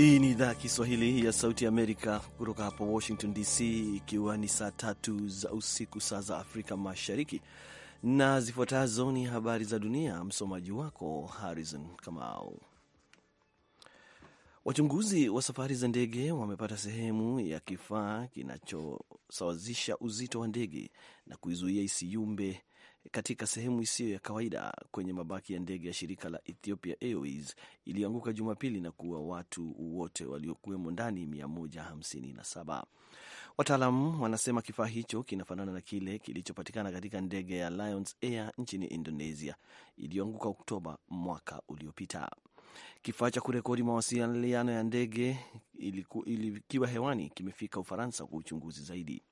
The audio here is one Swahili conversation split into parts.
Hii ni idhaa ya Kiswahili ya Sauti Amerika kutoka hapa Washington DC, ikiwa ni saa tatu za usiku saa za Afrika Mashariki, na zifuatazo ni habari za dunia. Msomaji wako Harrison Kamau. Wachunguzi wa safari za ndege wamepata sehemu ya kifaa kinachosawazisha uzito wa ndege na kuizuia isiyumbe katika sehemu isiyo ya kawaida kwenye mabaki ya ndege ya shirika la Ethiopia Airways ilianguka Jumapili na kuua watu wote waliokuwemo ndani 157. Wataalam wanasema kifaa hicho kinafanana na kile kilichopatikana katika ndege ya Lions Air nchini Indonesia iliyoanguka Oktoba mwaka uliopita. Kifaa cha kurekodi mawasiliano ya ndege ilikiwa hewani kimefika Ufaransa kwa uchunguzi zaidi.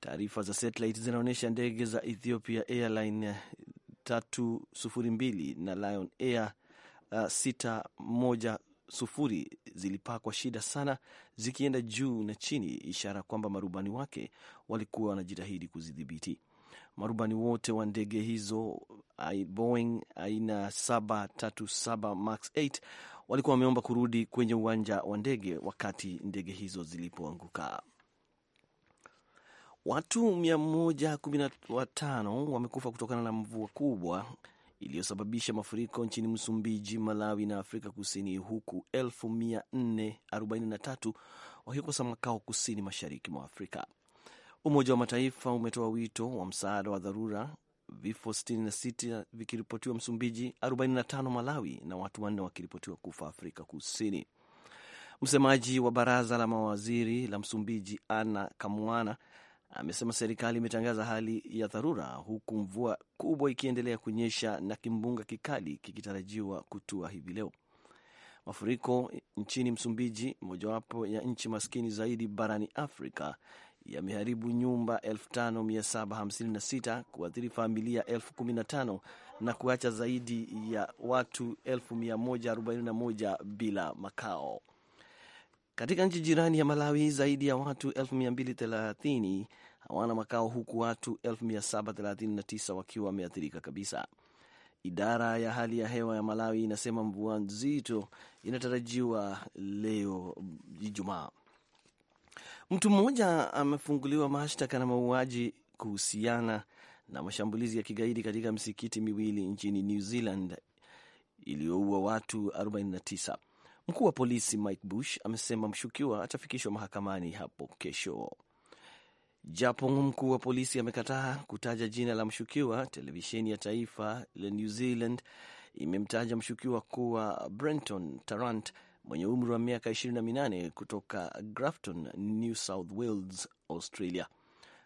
Taarifa za satellite zinaonyesha ndege za Ethiopia Airline 302 na Lion Air 610 uh, zilipakwa shida sana zikienda juu na chini, ishara kwamba marubani wake walikuwa wanajitahidi kuzidhibiti. Marubani wote wa ndege hizo Boeing aina 737 Max 8 walikuwa wameomba kurudi kwenye uwanja wa ndege wakati ndege hizo zilipoanguka. Watu 115 wamekufa kutokana na mvua kubwa iliyosababisha mafuriko nchini Msumbiji, Malawi na Afrika Kusini, huku 443 wakikosa makao kusini mashariki mwa Afrika. Umoja wa Mataifa umetoa wito wa msaada wa dharura, vifo 66 vikiripotiwa Msumbiji, 45 Malawi na watu wanne wakiripotiwa kufa Afrika Kusini. Msemaji wa baraza la mawaziri la Msumbiji, Ana Kamwana, amesema serikali imetangaza hali ya dharura huku mvua kubwa ikiendelea kunyesha na kimbunga kikali kikitarajiwa kutua hivi leo. Mafuriko nchini Msumbiji, mojawapo ya nchi maskini zaidi barani Afrika, yameharibu nyumba 5756 kuathiri familia 15 na kuacha zaidi ya watu 141 bila makao. Katika nchi jirani ya Malawi, zaidi ya watu 230 hawana makao huku watu 739 wakiwa wameathirika kabisa. Idara ya hali ya hewa ya Malawi inasema mvua nzito inatarajiwa leo Ijumaa. Mtu mmoja amefunguliwa mashtaka na mauaji kuhusiana na mashambulizi ya kigaidi katika misikiti miwili nchini New Zealand iliyoua watu 49. Mkuu wa polisi Mike Bush amesema mshukiwa atafikishwa mahakamani hapo kesho. Japo mkuu wa polisi amekataa kutaja jina la mshukiwa, televisheni ya taifa la New Zealand imemtaja mshukiwa kuwa Brenton Tarrant mwenye umri wa miaka 28 kutoka Grafton, New South Wales, Australia.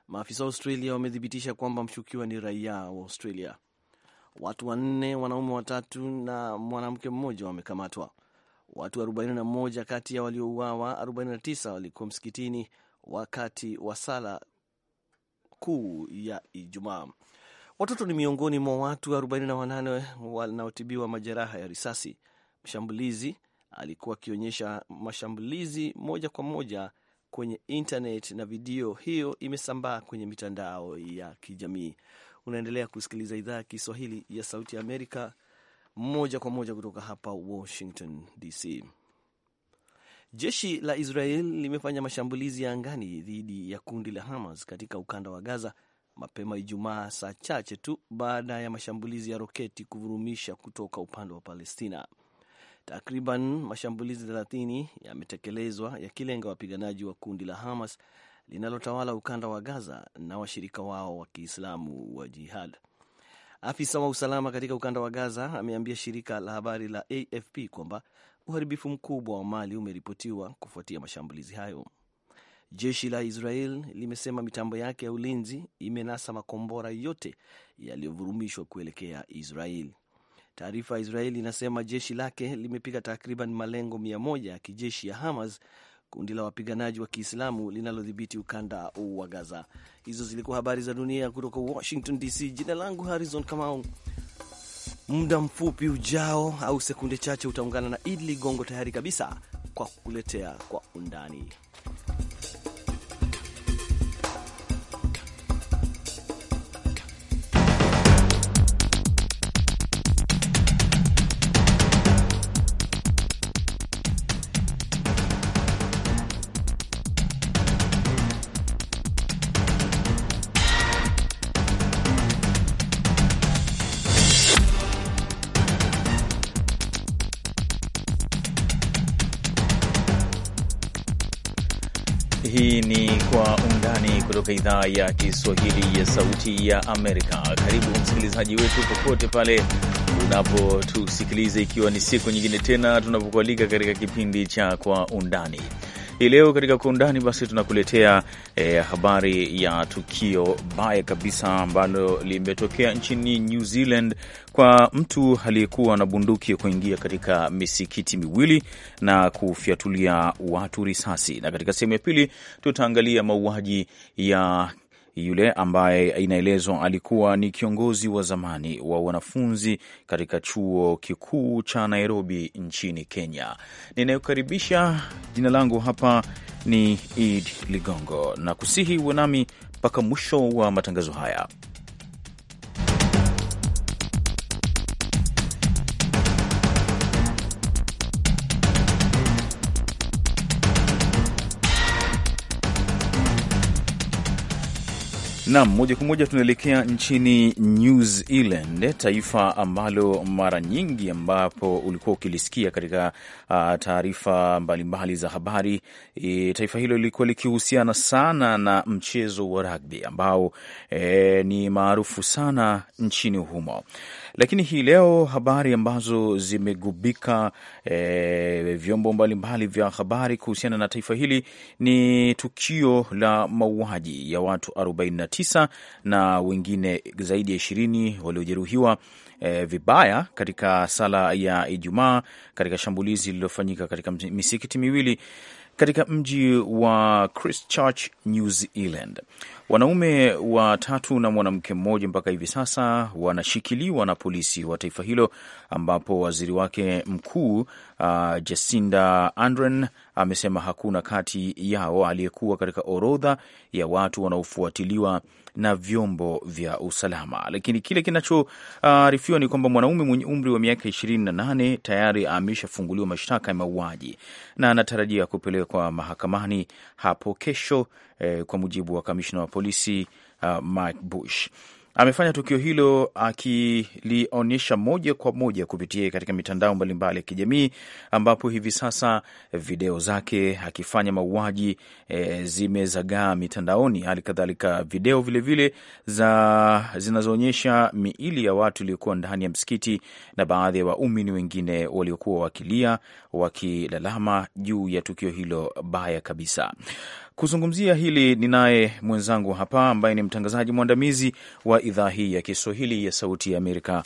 Maafisa wa Australia wamethibitisha kwamba mshukiwa ni raia wa Australia. Watu wanne, wanaume watatu na mwanamke mmoja wamekamatwa. Watu 41 kati ya waliouawa 49 walikuwa msikitini wakati wa sala kuu ya Ijumaa. Watoto ni miongoni mwa watu 48 wanaotibiwa majeraha ya risasi. Mshambulizi alikuwa akionyesha mashambulizi moja kwa moja kwenye internet na video hiyo imesambaa kwenye mitandao ya kijamii. Unaendelea kusikiliza idhaa ya Kiswahili ya Sauti ya Amerika moja kwa moja kutoka hapa Washington DC. Jeshi la Israel limefanya mashambulizi ya angani dhidi ya kundi la Hamas katika ukanda wa Gaza mapema Ijumaa, saa chache tu baada ya mashambulizi ya roketi kuvurumisha kutoka upande wa Palestina. Takriban mashambulizi 30 yametekelezwa yakilenga wapiganaji wa kundi la Hamas linalotawala ukanda wa Gaza na washirika wao wa Kiislamu wa Jihad. Afisa wa usalama katika ukanda wa Gaza ameambia shirika la habari la AFP kwamba uharibifu mkubwa wa mali umeripotiwa kufuatia mashambulizi hayo. Jeshi la Israel limesema mitambo yake ya ulinzi imenasa makombora yote yaliyovurumishwa kuelekea Israel. Taarifa ya Israel inasema jeshi lake limepiga takriban malengo mia moja ya kijeshi ya Hamas kundi la wapiganaji wa Kiislamu linalodhibiti ukanda wa Gaza. Hizo zilikuwa habari za dunia kutoka Washington DC. Jina langu Harrison Kamau. Muda mfupi ujao au sekunde chache utaungana na Idli Gongo tayari kabisa kwa kukuletea kwa undani kutoka idhaa ya Kiswahili ya Sauti ya Amerika. Karibu msikilizaji wetu popote pale unapotusikiliza, ikiwa ni siku nyingine tena tunapokualika katika kipindi cha Kwa Undani. Hii leo katika kwa undani basi tunakuletea e, habari ya tukio baya kabisa ambalo limetokea nchini New Zealand kwa mtu aliyekuwa na bunduki kuingia katika misikiti miwili na kufyatulia watu risasi, na katika sehemu ya pili tutaangalia mauaji ya yule ambaye inaelezwa alikuwa ni kiongozi wa zamani wa wanafunzi katika chuo kikuu cha Nairobi nchini Kenya. Ninayokaribisha, jina langu hapa ni Id Ligongo na kusihi uwe nami mpaka mwisho wa matangazo haya. Nam, moja kwa moja tunaelekea nchini New Zealand, taifa ambalo mara nyingi ambapo ulikuwa ukilisikia katika uh, taarifa mbalimbali za habari e, taifa hilo lilikuwa likihusiana sana na mchezo wa rugby ambao e, ni maarufu sana nchini humo, lakini hii leo habari ambazo zimegubika e, vyombo mbalimbali vya habari kuhusiana na taifa hili ni tukio la mauaji ya watu tisa na wengine zaidi ya ishirini waliojeruhiwa e, vibaya katika sala ya Ijumaa katika shambulizi lililofanyika katika misikiti miwili katika mji wa Christchurch, New Zealand. Wanaume watatu na mwanamke mmoja mpaka hivi sasa wanashikiliwa na polisi wa taifa hilo, ambapo waziri wake mkuu uh, Jacinda Ardern amesema hakuna kati yao aliyekuwa katika orodha ya watu wanaofuatiliwa na vyombo vya usalama. Lakini kile kinachoarifiwa uh, ni kwamba mwanaume mwenye umri wa miaka ishirini na nane tayari ameshafunguliwa mashtaka ya mauaji na anatarajia kupelekwa mahakamani hapo kesho, eh, kwa mujibu wa kamishna wa polisi uh, Mike Bush amefanya tukio hilo akilionyesha moja kwa moja kupitia katika mitandao mbalimbali ya kijamii, ambapo hivi sasa video zake akifanya mauaji e, zimezagaa mitandaoni. Hali kadhalika video vilevile za zinazoonyesha miili ya watu iliyokuwa ndani ya msikiti na baadhi ya wa waumini wengine waliokuwa wakilia wakilalama juu ya tukio hilo baya kabisa. Kuzungumzia hili ni naye mwenzangu hapa ambaye ni mtangazaji mwandamizi wa idhaa hii ya Kiswahili ya Sauti ya Amerika,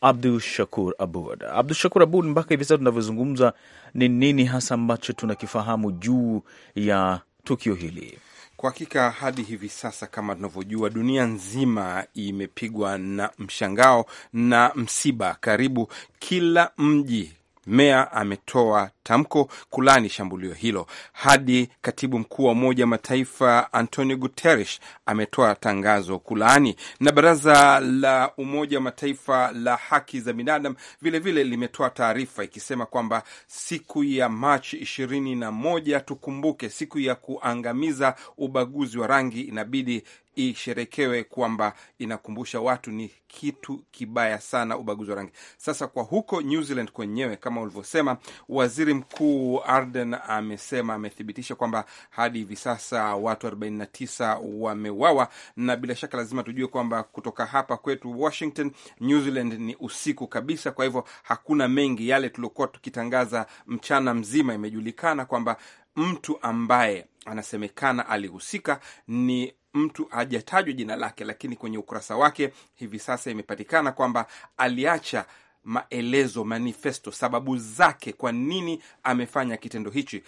Abdu Shakur Abud. Abdu Shakur Abud, mpaka hivi sasa tunavyozungumza, ni nini hasa ambacho tunakifahamu juu ya tukio hili? Kwa hakika hadi hivi sasa, kama tunavyojua, dunia nzima imepigwa na mshangao na msiba. Karibu kila mji Meya ametoa tamko kulani shambulio hilo. Hadi katibu mkuu wa Umoja wa Mataifa Antonio Guterres ametoa tangazo kulani na baraza la Umoja wa Mataifa la haki za binadamu vilevile limetoa taarifa ikisema kwamba siku ya Machi ishirini na moja tukumbuke siku ya kuangamiza ubaguzi wa rangi inabidi isherekewe kwamba inakumbusha watu ni kitu kibaya sana ubaguzi wa rangi. Sasa kwa huko New Zealand kwenyewe, kama ulivyosema, waziri mkuu arden amesema amethibitisha kwamba hadi hivi sasa watu 49 wamewawa, na bila shaka lazima tujue kwamba kutoka hapa kwetu Washington, New Zealand ni usiku kabisa, kwa hivyo hakuna mengi. Yale tuliokuwa tukitangaza mchana mzima, imejulikana kwamba mtu ambaye anasemekana alihusika ni mtu hajatajwa jina lake, lakini kwenye ukurasa wake hivi sasa imepatikana kwamba aliacha maelezo manifesto, sababu zake kwa nini amefanya kitendo hichi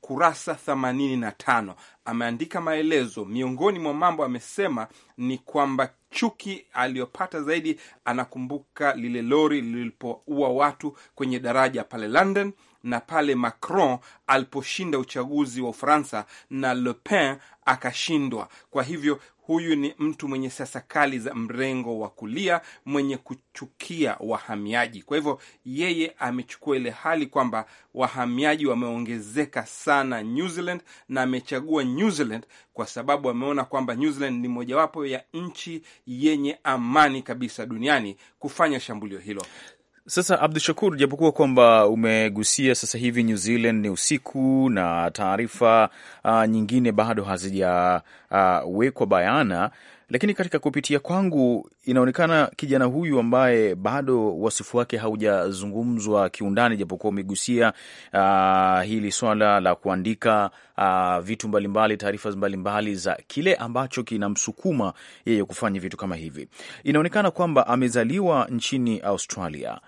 kurasa 85 ameandika maelezo. Miongoni mwa mambo amesema ni kwamba chuki aliyopata zaidi, anakumbuka lile lori lilipoua watu kwenye daraja pale London na pale Macron aliposhinda uchaguzi wa Ufaransa na Le Pen akashindwa. Kwa hivyo huyu ni mtu mwenye siasa kali za mrengo wa kulia mwenye kuchukia wahamiaji. Kwa hivyo yeye amechukua ile hali kwamba wahamiaji wameongezeka sana New Zealand, na amechagua New Zealand kwa sababu ameona kwamba New Zealand ni mojawapo ya nchi yenye amani kabisa duniani kufanya shambulio hilo. Sasa Abdu Shakur, japokuwa kwamba umegusia sasa hivi New Zealand ni usiku na taarifa uh, nyingine bado hazijawekwa ah, uh, bayana, lakini katika kupitia kwangu inaonekana kijana huyu ambaye bado wasifu wake haujazungumzwa kiundani, japokuwa umegusia uh, hili swala la kuandika uh, vitu mbalimbali, taarifa mbalimbali za kile ambacho kinamsukuma yeye kufanya vitu kama hivi. Inaonekana kwamba amezaliwa nchini Australia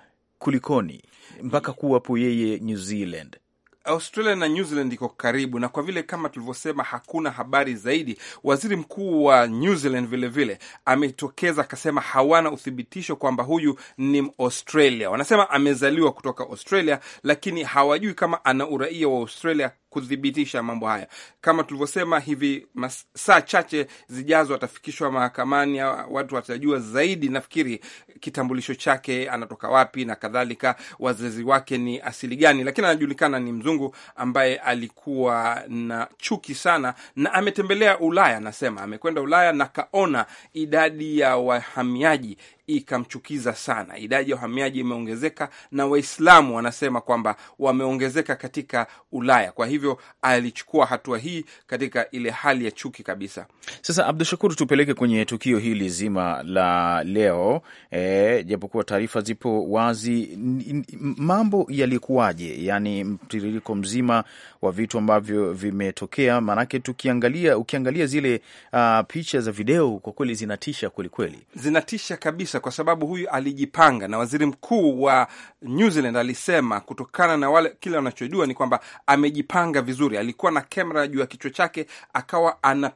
kulikoni mpaka kuwapo yeye New Zealand? Australia na New Zealand iko karibu, na kwa vile kama tulivyosema, hakuna habari zaidi. Waziri mkuu wa New Zealand vilevile ametokeza akasema hawana uthibitisho kwamba huyu ni Australia. Wanasema amezaliwa kutoka Australia, lakini hawajui kama ana uraia wa Australia kuthibitisha mambo haya. Kama tulivyosema, hivi saa chache zijazo atafikishwa mahakamani, watu watajua zaidi, nafikiri kitambulisho chake, anatoka wapi na kadhalika, wazazi wake ni asili gani, lakini anajulikana ni mzungu ambaye alikuwa na chuki sana na ametembelea Ulaya. Anasema amekwenda Ulaya na kaona idadi ya wahamiaji ikamchukiza sana. Idadi ya wahamiaji imeongezeka, na Waislamu wanasema kwamba wameongezeka katika Ulaya. Kwa hivyo alichukua hatua hii katika ile hali ya chuki kabisa. Sasa Abdu Shakur, tupeleke kwenye tukio hili zima la leo e, japokuwa taarifa zipo wazi, mambo yalikuwaje? Yani mtiririko mzima wa vitu ambavyo vimetokea, maanake tukiangalia, ukiangalia zile uh, picha za video kwa kweli zinatisha kwelikweli, zinatisha kabisa kabisa, kwa sababu huyu alijipanga, na waziri mkuu wa New Zealand alisema kutokana na wale kile wanachojua ni kwamba amejipanga vizuri, alikuwa na kamera juu ya kichwa chake, akawa ana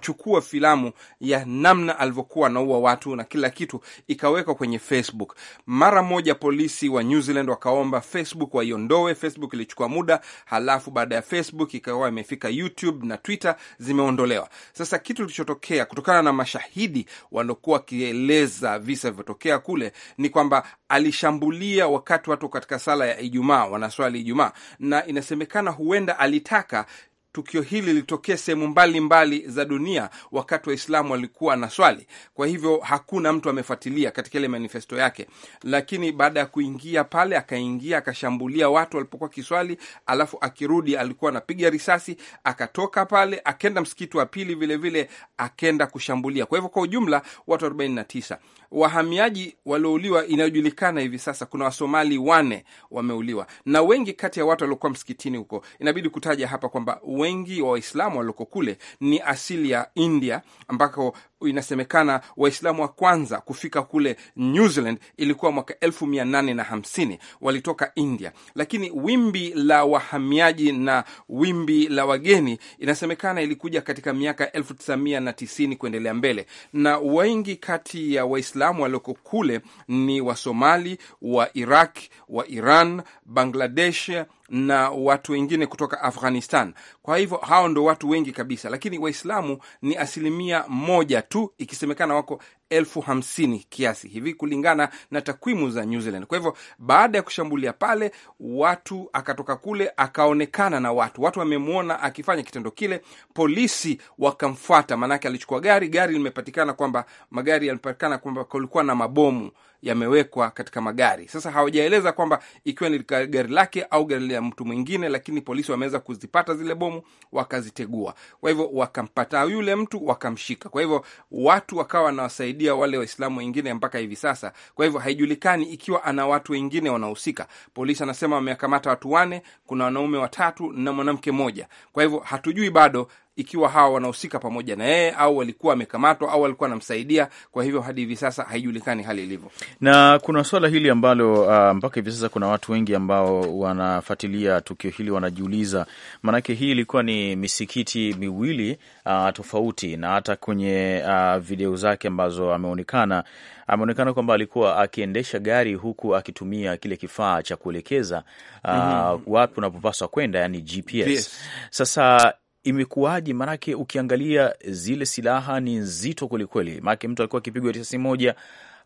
chukua filamu ya namna alivyokuwa anaua watu na kila kitu, ikawekwa kwenye Facebook. Mara moja polisi wa New Zealand wakaomba Facebook waiondoe. Facebook ilichukua muda, halafu baada ya Facebook ikawa imefika YouTube na Twitter zimeondolewa. Sasa kitu kilichotokea kutokana na mashahidi waliokuwa wakieleza visa vilivyotokea kule ni kwamba alishambulia wakati watu katika sala ya Ijumaa wanaswali Ijumaa, na inasemekana huenda alitaka Tukio hili lilitokea sehemu mbalimbali za dunia wakati Waislamu walikuwa na swali. Kwa hivyo hakuna mtu amefuatilia katika ile manifesto yake, lakini baada ya kuingia pale, akaingia akashambulia watu walipokuwa kiswali, alafu akirudi alikuwa anapiga risasi. Akatoka pale akenda msikiti wa pili vilevile, akenda kushambulia. Kwa hivyo kwa ujumla watu 49 wahamiaji waliouliwa inayojulikana hivi sasa, kuna wasomali wane wameuliwa, na wengi kati ya watu waliokuwa msikitini huko. Inabidi kutaja hapa kwamba wengi wa Waislamu walioko kule ni asili ya India, ambako inasemekana Waislamu wa kwanza kufika kule New Zealand ilikuwa mwaka elfu mia nane na hamsini walitoka India, lakini wimbi la wahamiaji na wimbi la wageni inasemekana ilikuja katika miaka elfu tisa mia na tisini kuendelea mbele, na wengi kati ya Waislamu walioko kule ni Wasomali, wa Iraq, wa Iran, Bangladesh na watu wengine kutoka Afghanistan. Kwa hivyo hao ndo watu wengi kabisa, lakini Waislamu ni asilimia moja tu, ikisemekana wako elfu hamsini kiasi hivi, kulingana na takwimu za New Zealand. Kwa hivyo baada ya kushambulia pale, watu akatoka kule akaonekana na watu, watu wamemwona akifanya kitendo kile, polisi wakamfuata, maanake alichukua gari, gari limepatikana kwamba magari yalipatikana kwamba kulikuwa na mabomu yamewekwa katika magari. Sasa hawajaeleza kwamba ikiwa ni gari lake au gari la mtu mwingine, lakini polisi wameweza kuzipata zile bomu wakazitegua. Kwa hivyo wakampata yule mtu wakamshika. Kwa hivyo watu wakawa wanawasaidia kusaidia wale Waislamu wengine mpaka hivi sasa. Kwa hivyo haijulikani ikiwa ana watu wengine wanahusika. Polisi anasema wamekamata watu wane, kuna wanaume watatu na mwanamke mmoja. Kwa hivyo hatujui bado ikiwa hawa wanahusika pamoja na yeye au walikuwa wamekamatwa au walikuwa wanamsaidia. Kwa hivyo hadi hivi sasa haijulikani hali ilivyo, na kuna swala hili ambalo uh, mpaka hivi sasa kuna watu wengi ambao wanafuatilia tukio hili wanajiuliza, maanake hii ilikuwa ni misikiti miwili uh, tofauti, na hata kwenye uh, video zake ambazo ameonekana ameonekana kwamba alikuwa akiendesha gari huku akitumia kile kifaa cha kuelekeza uh, mm -hmm. wapi unapopaswa kwenda, yani GPS. Yes. Sasa imekuwaje? Maanake ukiangalia zile silaha ni nzito kwelikweli, maanake mtu alikuwa akipigwa risasi moja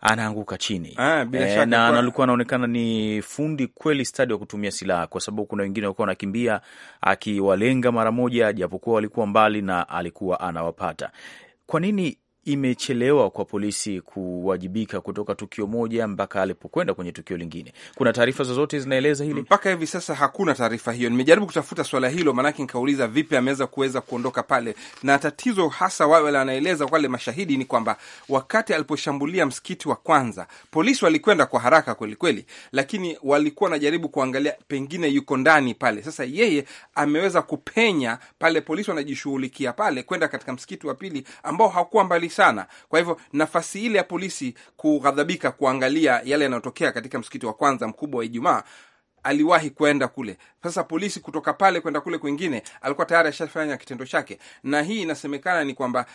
anaanguka chini ah, e, na alikuwa anaonekana ni fundi kweli stadi wa kutumia silaha, kwa sababu kuna wengine walikuwa wanakimbia akiwalenga mara moja, japokuwa walikuwa mbali na alikuwa anawapata. Kwa nini imechelewa kwa polisi kuwajibika kutoka tukio moja mpaka alipokwenda kwenye tukio lingine. Kuna taarifa zozote zinaeleza hili? Mpaka hivi sasa hakuna taarifa hiyo. Nimejaribu kutafuta swala hilo, maanake nikauliza vipi ameweza kuweza kuondoka pale, na tatizo hasa wale wanaeleza wale mashahidi ni kwamba wakati aliposhambulia msikiti wa kwanza, polisi walikwenda kwa haraka kwelikweli, lakini walikuwa wanajaribu kuangalia pengine yuko ndani pale. Sasa yeye ameweza kupenya pale, polisi wanajishughulikia pale, kwenda katika msikiti wa pili ambao hakuwa mbali sana. Kwa hivyo nafasi ile ya polisi kughadhabika, kuangalia yale yanayotokea katika msikiti wa kwanza mkubwa wa Ijumaa aliwahi kwenda kule. Sasa polisi kutoka pale kwenda kule kwingine, alikuwa tayari ashafanya kitendo chake, na hii inasemekana ni kwamba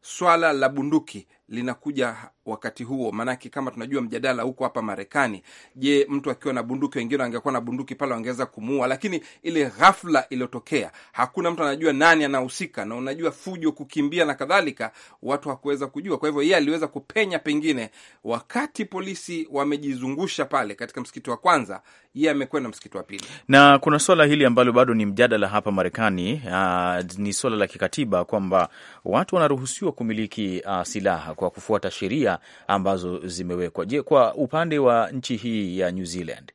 swala la bunduki linakuja wakati huo, maanake kama tunajua mjadala huko hapa Marekani. Je, mtu akiwa na bunduki, wengine angekuwa na bunduki pale, wangeweza kumuua, lakini ile ghafla iliyotokea, hakuna mtu anajua nani anahusika, na unajua fujo, kukimbia na kadhalika, watu hakuweza kujua. Kwa hivyo yeye aliweza kupenya, pengine wakati polisi wamejizungusha pale katika msikiti wa kwanza, yeye amekwenda msikiti wa pili. Na kuna swala hili ambalo bado ni mjadala hapa Marekani. Uh, ni swala la kikatiba kwamba watu wanaruhusiwa kumiliki uh, silaha kwa kufuata sheria ambazo zimewekwa. Je, kwa upande wa nchi hii ya New Zealand,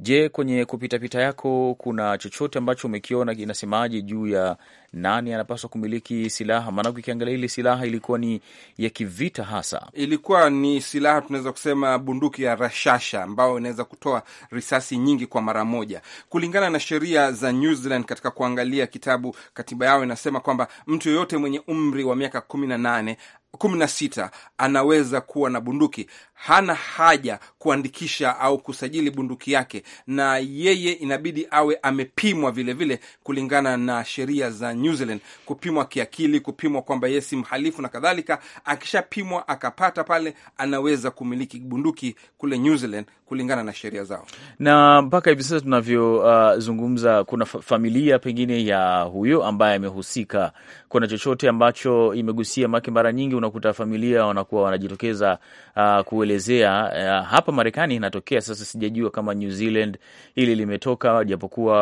je, kwenye kupitapita yako kuna chochote ambacho umekiona kinasemaje juu ya nani anapaswa kumiliki silaha? Maanake ukiangalia ile silaha ilikuwa ni ya kivita, hasa ilikuwa ni silaha tunaweza kusema bunduki ya rashasha ambayo inaweza kutoa risasi nyingi kwa mara moja, kulingana na sheria za New Zealand. Katika kuangalia kitabu, katiba yao inasema kwamba mtu yoyote mwenye umri wa miaka kumi na nane kumi na sita anaweza kuwa na bunduki. Hana haja kuandikisha au kusajili bunduki yake, na yeye inabidi awe amepimwa vilevile kulingana na sheria za New Zealand kupimwa kiakili, kupimwa kwamba yeye si mhalifu na kadhalika. Akishapimwa akapata pale, anaweza kumiliki bunduki kule New Zealand kulingana na sheria zao. Na mpaka hivi sasa tunavyozungumza, uh, kuna familia pengine ya huyo ambaye amehusika, kuna chochote ambacho imegusia make? Mara nyingi unakuta familia wanakuwa wanajitokeza uh, kuelezea uh, hapa Marekani inatokea sasa, sijajua kama New Zealand hili limetoka, japokuwa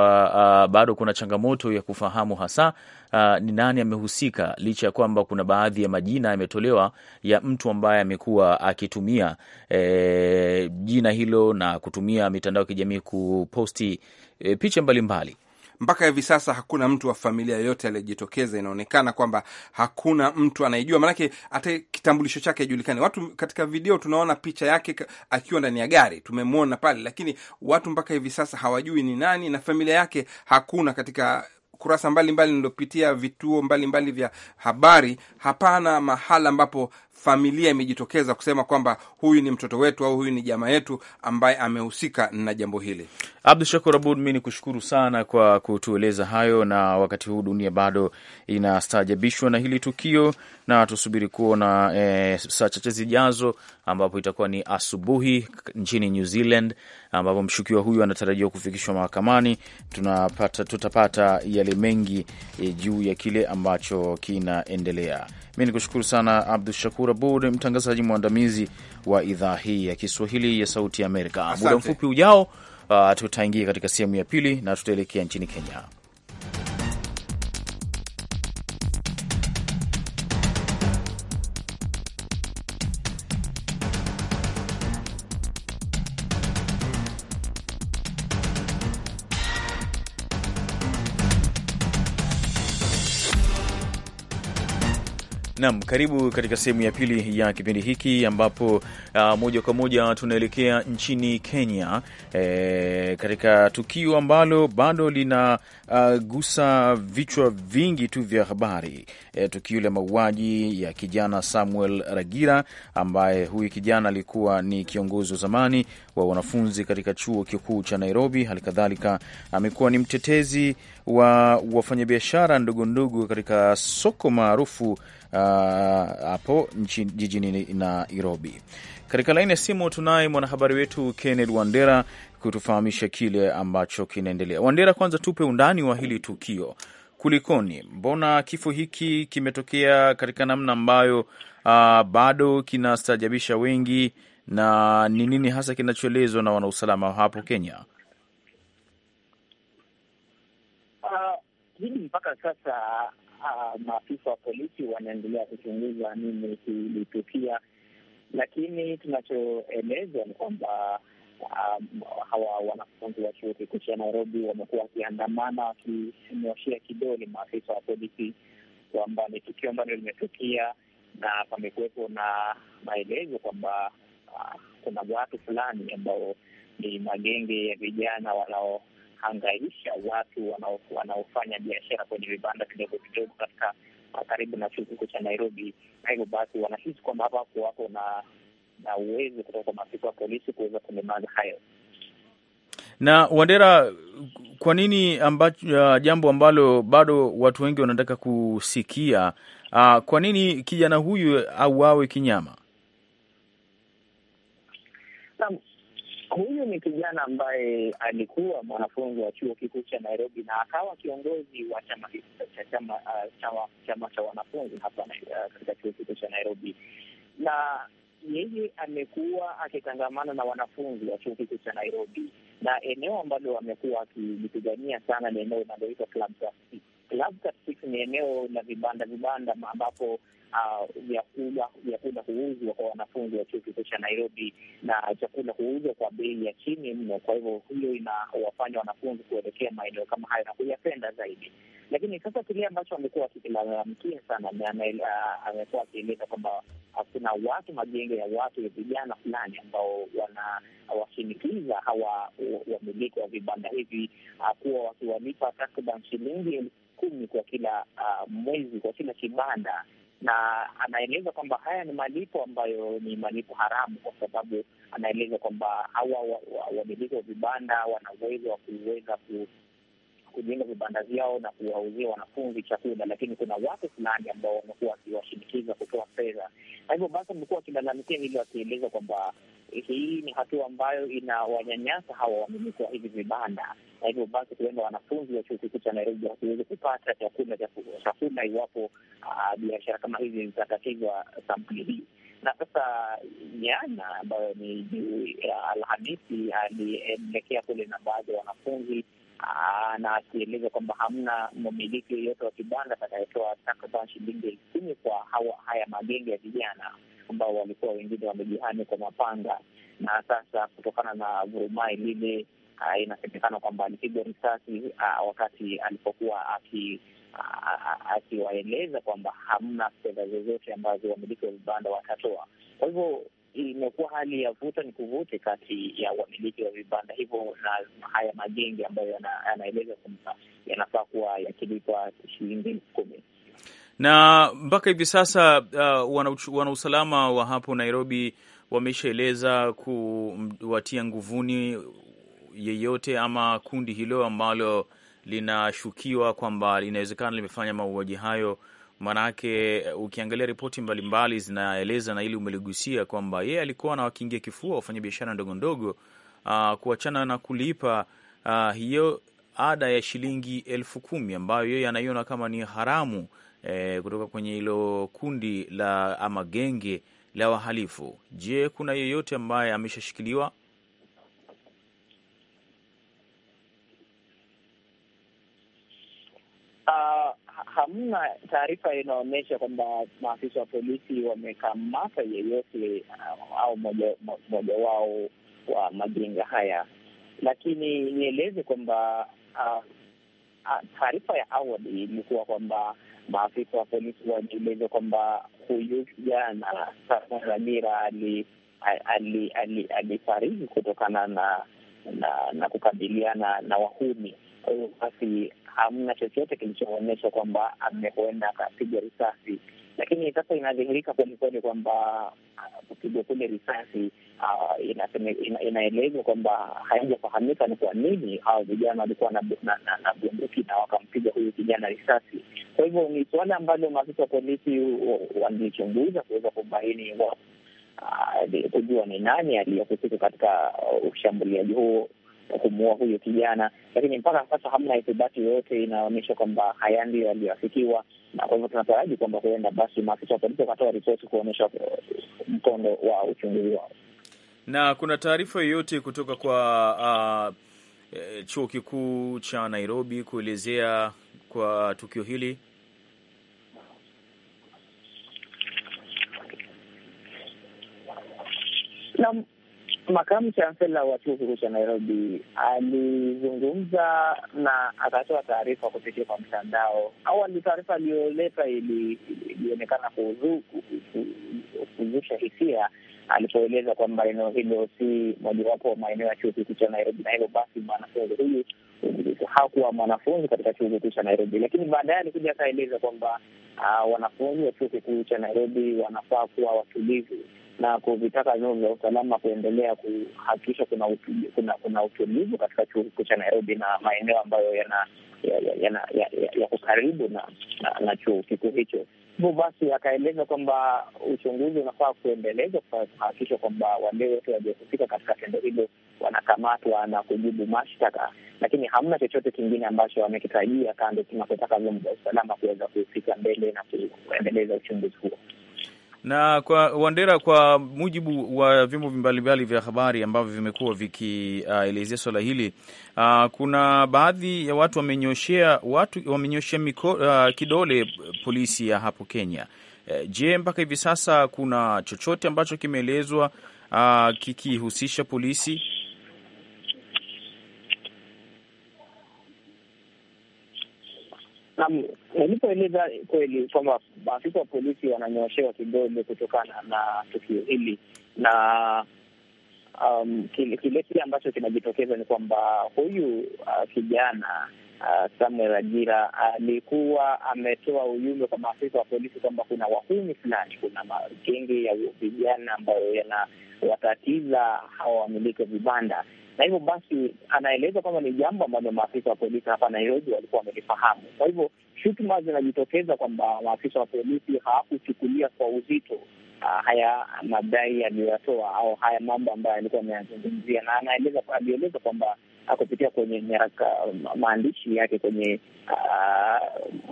uh, bado kuna changamoto ya kufahamu hasa uh, ni nani amehusika, licha ya kwamba kuna baadhi ya majina yametolewa ya mtu ambaye amekuwa akitumia e, jina hilo na kutumia mitandao ya kijamii kuposti e, picha mbalimbali mpaka hivi sasa hakuna mtu wa familia yoyote aliyejitokeza. Inaonekana kwamba hakuna mtu anayejua, maanake hata kitambulisho chake haijulikani. Watu katika video tunaona picha yake akiwa ndani ya gari, tumemwona pale, lakini watu mpaka hivi sasa hawajui ni nani, na familia yake hakuna katika kurasa mbalimbali nilopitia vituo mbalimbali mbali vya habari, hapana mahala ambapo familia imejitokeza kusema kwamba huyu ni mtoto wetu au huyu ni jamaa yetu ambaye amehusika na jambo hili. Abdu Shakur Abud, mi ni kushukuru sana kwa kutueleza hayo, na wakati huu dunia bado inastaajabishwa na hili tukio, na tusubiri kuona e, saa chache zijazo, ambapo itakuwa ni asubuhi nchini New Zealand, ambapo mshukiwa huyu anatarajiwa kufikishwa mahakamani. Tunapata, tutapata yale mengi e, juu ya kile ambacho kinaendelea. Mi ni kushukuru sana Abdu Shakur Shakur Abud, mtangazaji mwandamizi wa idhaa hii ya Kiswahili ya Sauti ya Amerika. Muda mfupi ujao, uh, tutaingia katika sehemu ya pili na tutaelekea nchini Kenya. Naam, karibu katika sehemu ya pili ya kipindi hiki ambapo uh, moja kwa moja tunaelekea nchini Kenya e, katika tukio ambalo bado linagusa uh, vichwa vingi tu vya habari e, tukio la mauaji ya kijana Samuel Ragira ambaye huyu kijana alikuwa ni kiongozi wa zamani wa wanafunzi katika chuo kikuu cha Nairobi. Halikadhalika amekuwa ni mtetezi wa wafanyabiashara ndogo ndogo katika soko maarufu Uh, hapo uh, jijini Nairobi. Katika laini ya simu tunaye mwanahabari wetu Kenneth Wandera kutufahamisha kile ambacho kinaendelea. Wandera, kwanza tupe undani wa hili tukio, kulikoni? Mbona kifo hiki kimetokea katika namna ambayo uh, bado kinastajabisha wengi, na ni nini hasa kinachoelezwa na wanausalama hapo Kenya? Uh, hili mpaka sasa Ah, maafisa wa polisi wanaendelea kuchunguza nini kilitukia, lakini tunachoelezwa ni kwamba um, hawa wanafunzi wa chuo kikuu cha Nairobi wamekuwa wakiandamana wakimnyoshea kidole maafisa wa polisi kwamba ni tukio ambalo limetukia, na pamekuwepo na maelezo kwamba uh, kuna watu fulani ambao ni magenge ya vijana wanao kuhangaisha watu wanaofanya biashara kwenye vibanda vidogo vidogo katika ah, karibu na chuo kikuu cha Nairobi, na hivyo basi wanahisi kwamba hapa hapo wako na na uwezo kutoka kwa maafisa wa polisi kuweza kulemaza hayo. Na Wandera, kwa nini ambacho ah, jambo ambalo bado watu wengi wanataka kusikia, uh, kwa nini kijana huyu auawe kinyama? Huyu ni kijana ambaye alikuwa mwanafunzi wa chuo kikuu cha Nairobi na akawa kiongozi wa chama cha uh, chama chama cha wanafunzi hapa uh, katika chuo kikuu cha Nairobi, na yeye amekuwa akitangamana na wanafunzi wa chuo kikuu cha Nairobi, na eneo ambalo amekuwa akilipigania sana ni eneo linaloitwa Club Club ni eneo la vibanda vibanda ambapo vyakula uh, vyakula huuzwa kwa wanafunzi wa chuo kikuu cha Nairobi na chakula huuzwa kwa bei ya chini mno. Kwa hivyo hiyo inawafanya wanafunzi kuelekea maeneo kama hayo na kuyapenda zaidi. Lakini sasa kile ambacho amekuwa akikilalamikia sana, uh, amekuwa akieleza kwamba kuna watu majenge ya watu ya vijana fulani ambao wanawashinikiza hawa wamiliki wa vibanda hivi uh, kuwa wakiwalipa takriban shilingi elfu kumi kwa kila uh, mwezi kwa kila kibanda na anaeleza kwamba haya ni malipo ambayo ni malipo haramu, kwa sababu anaeleza kwamba hawa wamiliki wa vibanda wana uwezo wa kuweza kujenga vibanda vyao na kuwauzia wanafunzi chakula, lakini kuna watu fulani ambao wamekuwa wakiwashinikiza kutoa fedha, Kwa hivyo basi wamekuwa wakilalamikia hili, wakieleza kwamba hii ni hatua ambayo inawanyanyasa hawa wamiliki wa hivi vibanda, na hivyo basi kuenda wanafunzi wa chuo kikuu cha Nairobi wasiweze kupata chakula cha kula iwapo ah, biashara kama hizi zitatatizwa sampuli hii na sasa jana ambayo ni juu ah, ya Alhamisi alielekea kule na baadhi na akieleza kwamba hamna mmiliki yoyote wa kibanda atakayetoa takriban shilingi elfu kumi kwa hawa, haya magenge ya vijana ambao walikuwa wengine wamejihani kwa mapanga, na sasa kutokana na vurumai lile Uh, inasemekana kwamba alipigwa risasi uh, wakati alipokuwa aki uh, akiwaeleza kwamba hamna fedha zozote ambazo wamiliki wa vibanda watatoa. Kwa hivyo imekuwa hali ya vuta ni kuvute kati ya wamiliki wa vibanda hivyo na haya magenge ambayo yanaeleza kwamba yanafaa kuwa yakilipwa shilingi kumi na mpaka hivi sasa uh, wanausalama wa hapo Nairobi wameshaeleza kuwatia nguvuni yeyote ama kundi hilo ambalo linashukiwa kwamba linawezekana limefanya mauaji hayo Maanake eh, ukiangalia ripoti mbalimbali zinaeleza, na ili umeligusia kwamba yeye alikuwa na wakiingia kifua wafanyabiashara ndogo ndogo, uh, kuachana na kulipa uh, hiyo ada ya shilingi elfu kumi ambayo yeye anaiona kama ni haramu eh, kutoka kwenye hilo kundi la ama genge la wahalifu. Je, kuna yeyote ambaye ameshashikiliwa hamna taarifa inaonyesha kwamba maafisa wa polisi wamekamata yeyote uh, au mmoja wao wa majenga haya, lakini nieleze kwamba uh, uh, taarifa ya awali ilikuwa kwamba maafisa wa polisi walieleza kwamba huyu kijana Samora alifariki ali, ali, ali kutokana na na, na kukabiliana na wahuni kwa hiyo basi hamna chochote kilichoonyesha kwamba amekwenda akapiga risasi, lakini sasa inadhihirika kwelikweli kwamba ah, kupigwa kule risasi ah, inaelezwa kwamba haijafahamika ni kwa nini hao vijana walikuwa na bunduki na wakampiga huyu kijana risasi. Kwa hivyo ni suala ambalo maafisa wa polisi walichunguza kuweza kubaini ah, kujua ni nani aliyehusika katika uh, ushambuliaji huo kumuua huyo kijana, lakini mpaka sasa hamna ithibati yoyote inaonyesha kwamba haya ndiyo yaliyoafikiwa, na kwa hivyo tunataraji kwamba huenda basi maafisa wa polisi wakatoa ripoti kuonyesha uh, mkondo wa uchunguzi wao. Na kuna taarifa yoyote kutoka kwa uh, eh, chuo kikuu cha Nairobi kuelezea kwa tukio hili? Naam. Makamu chansela wa chuo kikuu cha Nairobi alizungumza na akatoa taarifa kupitia kwa mtandao. Awali taarifa aliyoleta ilionekana kuzusha hisia alipoeleza kwamba eneo hilo si mojawapo wa maeneo ya chuo kikuu cha Nairobi, na hivyo basi mwanafunzi huyu hakuwa mwanafunzi katika chuo kikuu cha Nairobi. Lakini baadaye alikuja akaeleza kwamba uh, wanafunzi wa chuo kikuu cha Nairobi wanafaa kuwa watulivu na kuvitaka vyombo vya usalama kuendelea kuhakikisha kuna utulivu, kuna, kuna utulivu katika chuo kikuu cha Nairobi na maeneo ambayo yana yako karibu na, na, na chuo kikuu hicho. Hivyo basi akaeleza kwamba uchunguzi unafaa kuendelezwa kuhakikisha kwamba wale wote waliohusika katika tendo hilo wanakamatwa na kujibu mashtaka, lakini hamna chochote kingine ambacho wamekitajia kando kutaka vyombo vya usalama kuweza kufika mbele na kuendeleza uchunguzi huo. Na kwa Wandera, kwa mujibu wa vyombo mbalimbali vya habari ambavyo vimekuwa vikielezea uh, swala hili uh, kuna baadhi ya watu wamenyoshea watu wamenyoshea miko, uh, kidole polisi ya hapo Kenya. Uh, je, mpaka hivi sasa kuna chochote ambacho kimeelezwa uh, kikihusisha polisi? Naam walipoeleza kweli kwamba maafisa wa polisi wananyoshewa kidole kutokana na tukio hili na um, kile kile ambacho kinajitokeza ni kwamba huyu uh, kijana uh, Samuel Ajira alikuwa uh, ametoa ujumbe kwa maafisa wa polisi kwamba kuna wahuni fulani, kuna magenge ya vijana ambayo yanawatatiza hawa wamiliki wa vibanda na hivyo basi anaeleza kwamba ni jambo ambalo maafisa wa polisi hapa Nairobi walikuwa wamelifahamu. Kwa hivyo shutuma zinajitokeza kwamba maafisa wa polisi hawakuchukulia kwa uzito uh, haya madai yaliyoyatoa au haya mambo ambayo alikuwa ameyazungumzia, na anaeleza alieleza kwamba Ah, kupitia kwenye nyaraka um, maandishi yake kwenye uh,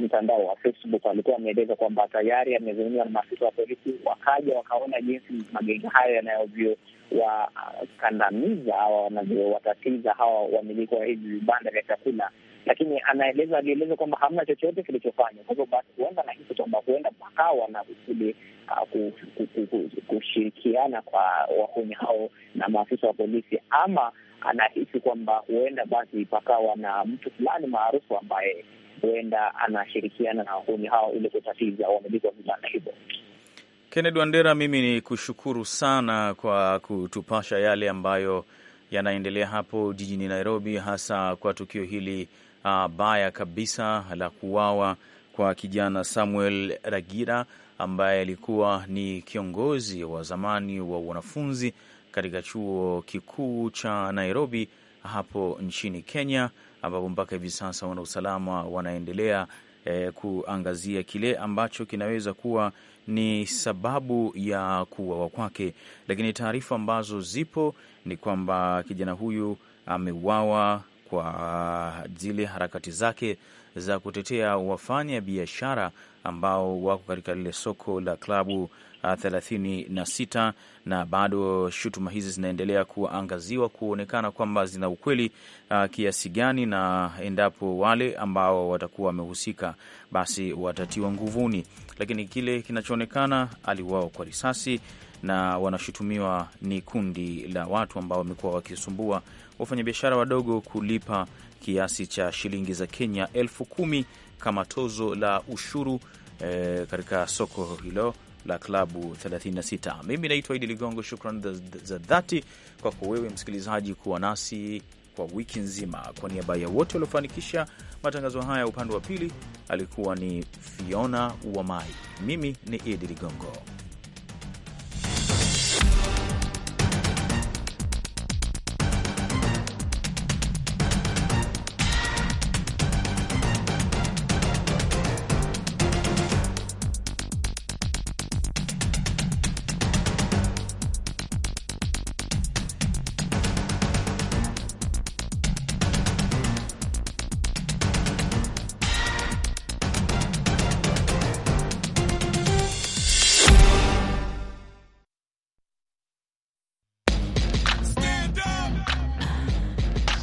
mtandao wa Facebook alikuwa ameeleza kwamba tayari amezungumza na maafisa wa polisi, wakaja wakaona jinsi magenge hayo yanavyowakandamiza hawa wanavyowatatiza hawa wamiliki wa hivi vibanda vya chakula lakini anaeleza alieleza kwamba hamna chochote kilichofanywa. Kwa hivyo basi, huenda nahisi kwamba huenda pakawa na kusudi ah, kushirikiana kwa wahuni hao na maafisa wa polisi, ama anahisi kwamba huenda basi pakawa na mtu fulani maarufu ambaye huenda anashirikiana na wahuni hao ili kutatiza wamiliki wa vibanda hivyo. Kennedy Wandera, mimi ni kushukuru sana kwa kutupasha yale ambayo yanaendelea hapo jijini Nairobi, hasa kwa tukio hili uh, baya kabisa la kuuawa kwa kijana Samuel Ragira ambaye alikuwa ni kiongozi wa zamani wa wanafunzi katika chuo kikuu cha Nairobi hapo nchini Kenya, ambapo mpaka hivi sasa wanausalama wanaendelea eh, kuangazia kile ambacho kinaweza kuwa ni sababu ya kuuawa kwake, lakini taarifa ambazo zipo ni kwamba kijana huyu ameuawa kwa zile harakati zake za kutetea wafanya biashara ambao wako katika lile soko la klabu ah, thelathini na na bado shutuma hizi zinaendelea kuangaziwa kuonekana kwamba zina ukweli uh, kiasi gani, na endapo wale ambao watakuwa wamehusika basi watatiwa nguvuni. Lakini kile kinachoonekana, aliuawa kwa risasi na wanashutumiwa ni kundi la watu ambao wamekuwa wakisumbua wafanyabiashara wadogo kulipa kiasi cha shilingi za Kenya elfu kumi kama tozo la ushuru e, katika soko hilo la klabu 36. Mimi naitwa Idi Ligongo. Shukran za dhati kwako wewe msikilizaji kuwa nasi kwa wiki nzima. Kwa niaba ya wote waliofanikisha matangazo haya, upande wa pili alikuwa ni Fiona Wamai, mimi ni Idi Ligongo.